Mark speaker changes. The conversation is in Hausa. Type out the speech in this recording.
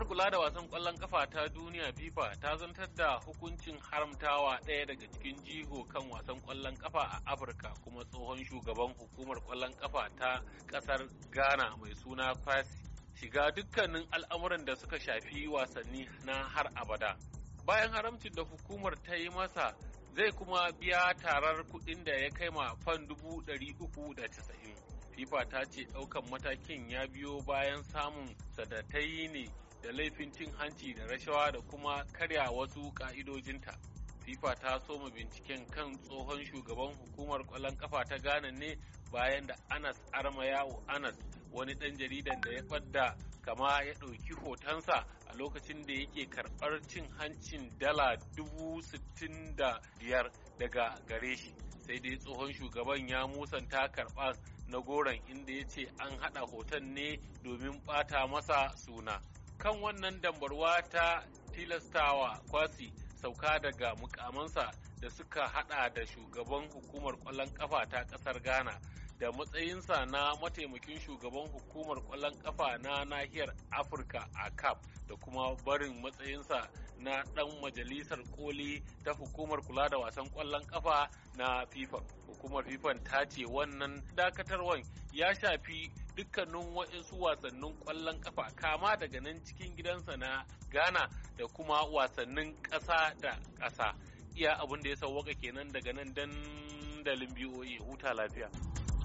Speaker 1: Hukumar kula da wasan ƙwallon kafa ta duniya FIFA ta zantar da hukuncin haramtawa ɗaya daga cikin jiho kan wasan kwallon kafa a Afirka kuma tsohon shugaban hukumar kwallon kafa ta ƙasar Ghana mai suna Kwasi shiga dukkanin al'amuran da suka shafi wasanni na har abada. Bayan haramcin da hukumar ta yi masa zai kuma biya tarar kuɗin da ya kai ma fan dubu ɗari uku da casa'in. FIFA ta ce ɗaukan matakin ya biyo bayan samun sadatai ne da laifin cin hanci da rashawa da kuma karya wasu ka'idojinta. FIFA ta soma binciken kan tsohon shugaban hukumar kwallon kafa ta Ghana ne bayan da Anas Armayawo Anas wani ɗan jaridan da ya ɓadda kama ya ɗauki hotonsa a lokacin da yake karɓar cin hancin dala dubu sittin da biyar daga gare shi sai dai tsohon shugaban ya musanta karɓar na goron inda ya ce an haɗa hoton ne domin ɓata masa suna. kan wannan dambarwa ta tilastawa kwasi sauka daga mukamansa da suka hada da shugaban hukumar kwallon kafa ta kasar ghana da matsayinsa na mataimakin shugaban hukumar kwallon kafa na nahiyar afirka a cap da kuma barin matsayinsa na ɗan majalisar koli ta hukumar kula da wasan kwallon kafa na FIFA. Hukumar FIFA ta ce wannan dakatarwan ya shafi dukkanin waɗansu wasannin ƙwallon ƙafa kama daga nan cikin gidansa na Ghana da kuma wasannin ƙasa da ƙasa. Iya abin da ya sauwaka kenan daga nan dandalin
Speaker 2: BOA huta lafiya.